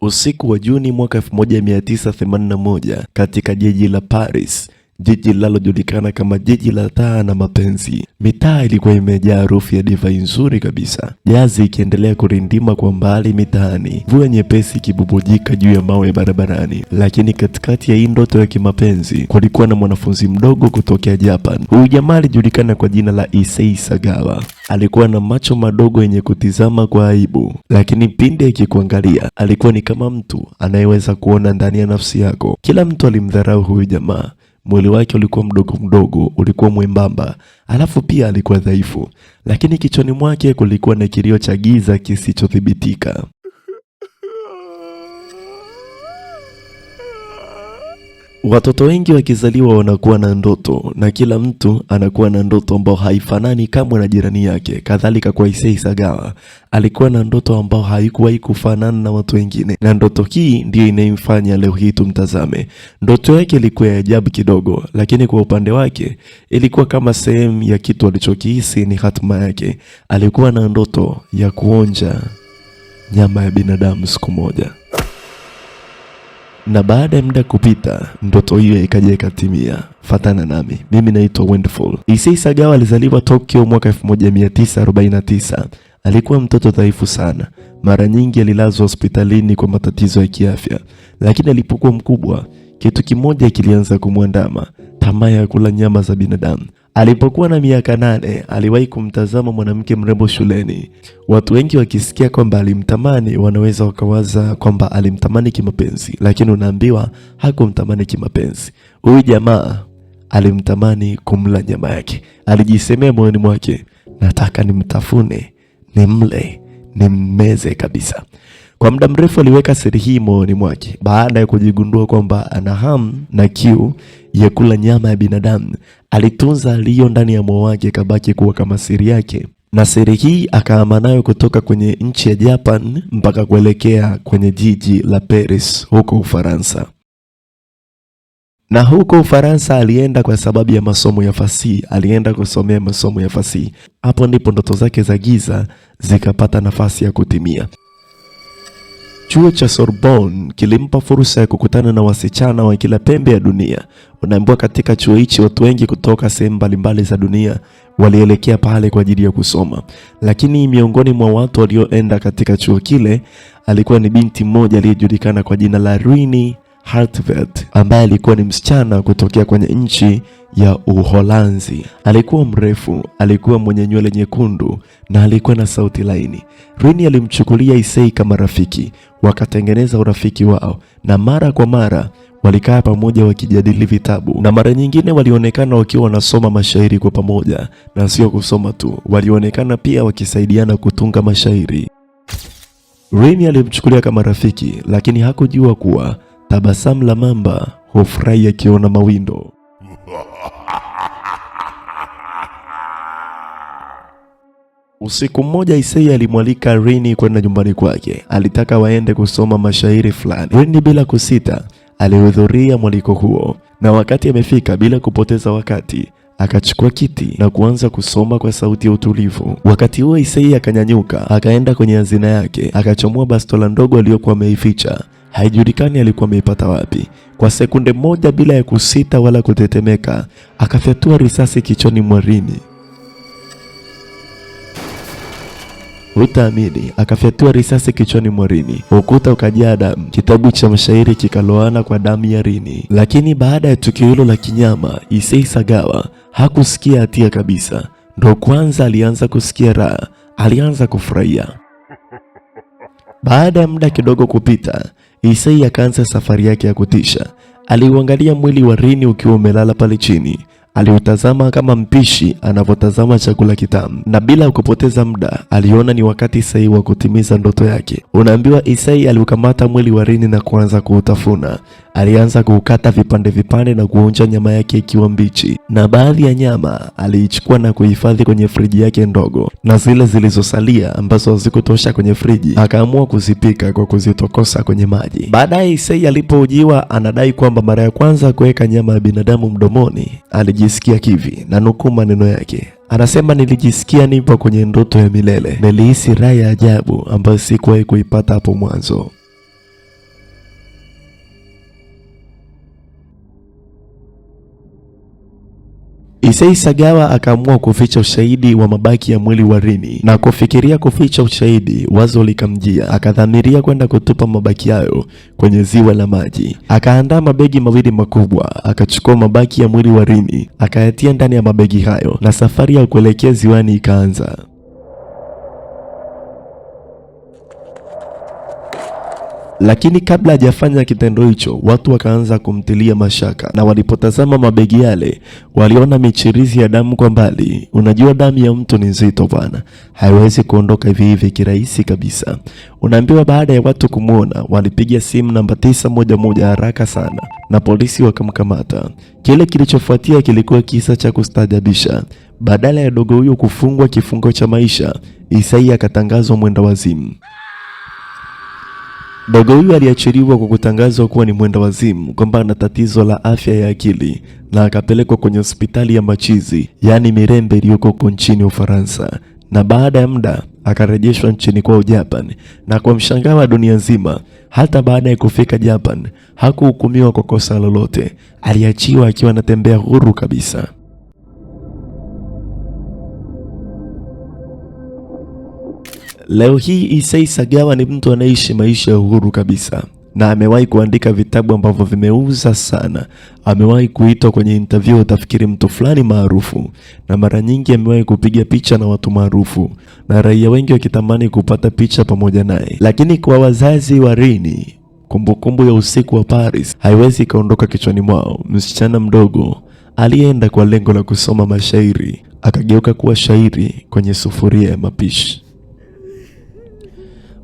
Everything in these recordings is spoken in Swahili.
Usiku wa Juni mwaka 1981 katika jiji la Paris, jiji linalojulikana kama jiji la taa na mapenzi. Mitaa ilikuwa imejaa harufu ya divai nzuri kabisa, jazi ikiendelea kurindima kwa mbali mitaani, mvua nyepesi ikibubujika juu ya mawe ya barabarani. Lakini katikati ya hii ndoto ya kimapenzi kulikuwa na mwanafunzi mdogo kutokea Japan. Huyu jamaa alijulikana kwa jina la Issei Sagawa. Alikuwa na macho madogo yenye kutizama kwa aibu, lakini pindi akikuangalia alikuwa ni kama mtu anayeweza kuona ndani ya nafsi yako. Kila mtu alimdharau huyu jamaa Mwili wake ulikuwa mdogo mdogo, ulikuwa mwembamba, alafu pia alikuwa dhaifu, lakini kichwani mwake kulikuwa na kilio cha giza kisichothibitika. Watoto wengi wakizaliwa wanakuwa na ndoto na kila mtu anakuwa na ndoto ambao haifanani kamwe na jirani yake. Kadhalika kwa Issei Sagawa alikuwa na ndoto ambao haikuwahi kufanana na watu wengine, na ndoto hii ndiyo inayemfanya leo hii tumtazame. Ndoto yake ilikuwa ya ajabu kidogo, lakini kwa upande wake ilikuwa kama sehemu ya kitu alichokihisi ni hatima yake. Alikuwa na ndoto ya kuonja nyama ya binadamu siku moja na baada ya muda kupita ndoto hiyo ikaja ikatimia. Fatana nami, mimi naitwa Windfall. Issei Sagawa alizaliwa Tokyo mwaka 1949. Alikuwa mtoto dhaifu sana, mara nyingi alilazwa hospitalini kwa matatizo ya kiafya, lakini alipokuwa mkubwa, kitu kimoja kilianza kumwandama, tamaa ya kula nyama za binadamu. Alipokuwa na miaka nane aliwahi kumtazama mwanamke mrembo shuleni. Watu wengi wakisikia kwamba alimtamani, wanaweza wakawaza kwamba alimtamani kimapenzi, lakini unaambiwa hakumtamani kimapenzi. Huyu jamaa alimtamani kumla nyama yake. Alijisemea moyoni mwake, nataka nimtafune, nimle, nimmeze kabisa. Kwa muda mrefu aliweka siri hii moyoni mwake. Baada ya kujigundua kwamba ana hamu na kiu ya kula nyama ya binadamu, alitunza aliyo ndani ya moyo wake, kabaki kuwa kama siri yake, na siri hii akaama nayo kutoka kwenye nchi ya Japan mpaka kuelekea kwenye jiji la Paris huko Ufaransa. Na huko Ufaransa alienda kwa sababu ya masomo ya fasihi, alienda kusomea masomo ya fasihi. Hapo ndipo ndoto zake za giza zikapata nafasi ya kutimia. Chuo cha Sorbonne kilimpa fursa ya kukutana na wasichana wa kila pembe ya dunia. Unaambiwa katika chuo hichi watu wengi kutoka sehemu mbalimbali za dunia walielekea pale kwa ajili ya kusoma, lakini miongoni mwa watu walioenda katika chuo kile alikuwa ni binti mmoja aliyejulikana kwa jina la Rini Hartvet ambaye alikuwa ni msichana kutokea kwenye nchi ya Uholanzi. Alikuwa mrefu, alikuwa mwenye nywele nyekundu na alikuwa na sauti laini. Rini alimchukulia Issei kama rafiki, wakatengeneza urafiki wao na mara kwa mara walikaa pamoja wakijadili vitabu na mara nyingine walionekana wakiwa wanasoma mashairi kwa pamoja, na sio kusoma tu, walionekana pia wakisaidiana kutunga mashairi. Rini alimchukulia kama rafiki, lakini hakujua kuwa Tabasamu la mamba hufurahi akiona mawindo. Usiku mmoja isei alimwalika Rini kwenda nyumbani kwake. Alitaka waende kusoma mashairi fulani. Rini bila kusita alihudhuria mwaliko huo, na wakati amefika, bila kupoteza wakati akachukua kiti na kuanza kusoma kwa sauti ya utulivu. Wakati huo isei akanyanyuka akaenda kwenye hazina yake, akachomua bastola ndogo aliyokuwa ameificha Haijulikani alikuwa ameipata wapi. Kwa sekunde moja, bila ya kusita wala kutetemeka, akafyatua risasi kichwani mwa Rini. Utaamini, akafyatua risasi kichwani mwa Rini. Ukuta ukajaa damu, kitabu cha mashairi kikaloana kwa damu ya Rini. Lakini baada ya tukio hilo la kinyama, Issei Sagawa hakusikia hatia kabisa. Ndo kwanza alianza kusikia raha, alianza kufurahia. Baada ya muda kidogo kupita, Isai akaanza safari yake ya kutisha. Aliuangalia mwili wa Rini ukiwa umelala pale chini, aliutazama kama mpishi anavyotazama chakula kitamu, na bila kupoteza muda aliona ni wakati sahihi wa kutimiza ndoto yake. Unaambiwa Isai aliukamata mwili wa Rini na kuanza kuutafuna. Alianza kuukata vipande vipande na kuonja nyama yake ikiwa mbichi, na baadhi ya nyama aliichukua na kuhifadhi kwenye friji yake ndogo, na zile zilizosalia ambazo hazikutosha kwenye friji akaamua kuzipika kwa kuzitokosa kwenye maji. Baadaye Isai alipohojiwa, anadai kwamba mara ya kwanza kuweka nyama ya binadamu mdomoni aliji nilijisikia kivi, na nukuu maneno yake, anasema nilijisikia nipo kwenye ndoto ya milele, nilihisi raha ya ajabu ambayo sikuwahi kuipata hapo mwanzo. Issei Sagawa akaamua kuficha ushahidi wa mabaki ya mwili wa Rini na kufikiria kuficha ushahidi, wazo likamjia, akadhamiria kwenda kutupa mabaki hayo kwenye ziwa la maji. Akaandaa mabegi mawili makubwa, akachukua mabaki ya mwili wa Rini akayatia ndani ya mabegi hayo, na safari ya kuelekea ziwani ikaanza. Lakini kabla hajafanya kitendo hicho, watu wakaanza kumtilia mashaka, na walipotazama mabegi yale waliona michirizi ya damu kwa mbali. Unajua, damu ya mtu ni nzito bwana, haiwezi kuondoka hivi hivi kirahisi kabisa. Unaambiwa baada ya watu kumwona, walipiga simu namba tisa moja moja haraka sana, na polisi wakamkamata. Kile kilichofuatia kilikuwa kisa cha kustajabisha Badala ya dogo huyo kufungwa kifungo cha maisha, Isai akatangazwa mwenda wazimu. Dogo huyu aliachiriwa kwa kutangazwa kuwa ni mwenda wazimu, kwamba ana tatizo la afya ya akili na akapelekwa kwenye hospitali ya Machizi, yaani Mirembe iliyoko nchini Ufaransa, na baada ya muda akarejeshwa nchini kwao Japan, na kwa mshangao wa dunia nzima, hata baada ya kufika Japan hakuhukumiwa kwa kosa lolote, aliachiwa akiwa anatembea huru kabisa. Leo hii Issey Sagawa ni mtu anayeishi maisha ya uhuru kabisa na amewahi kuandika vitabu ambavyo vimeuza sana. Amewahi kuitwa kwenye interview, utafikiri mtu fulani maarufu, na mara nyingi amewahi kupiga picha na watu maarufu, na raia wengi wakitamani kupata picha pamoja naye. Lakini kwa wazazi wa Rini, kumbukumbu ya usiku wa Paris haiwezi ikaondoka kichwani mwao. Msichana mdogo aliyeenda kwa lengo la kusoma mashairi akageuka kuwa shairi kwenye sufuria ya mapishi.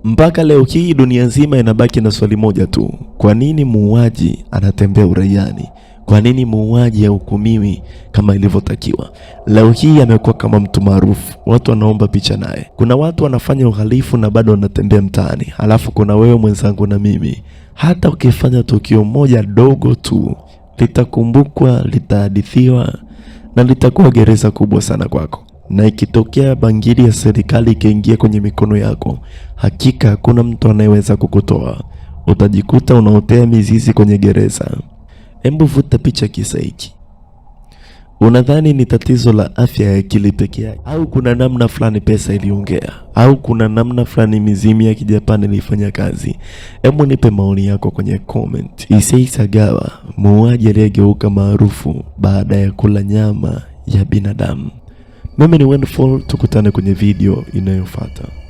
Mpaka leo hii dunia nzima inabaki na swali moja tu, kwa nini muuaji anatembea uraiani? Kwa nini muuaji hahukumiwi kama ilivyotakiwa? Leo hii amekuwa kama mtu maarufu, watu wanaomba picha naye. Kuna watu wanafanya uhalifu na bado wanatembea mtaani, halafu kuna wewe mwenzangu na mimi, hata ukifanya tukio moja dogo tu litakumbukwa, litahadithiwa na litakuwa gereza kubwa sana kwako na ikitokea bangili ya serikali ikaingia kwenye mikono yako, hakika hakuna mtu anayeweza kukutoa. Utajikuta unaotea mizizi kwenye gereza. Hebu vuta picha kisa hiki. Unadhani ni tatizo la afya ya akili peke yake, au kuna namna fulani pesa iliongea, au kuna namna fulani mizimu ya kijapani ilifanya kazi? Hebu nipe maoni yako kwenye comment. Issei Sagawa, muuaji aliyegeuka maarufu baada ya kula nyama ya binadamu. Mimi ni Wendful, tukutane kwenye video inayofuata.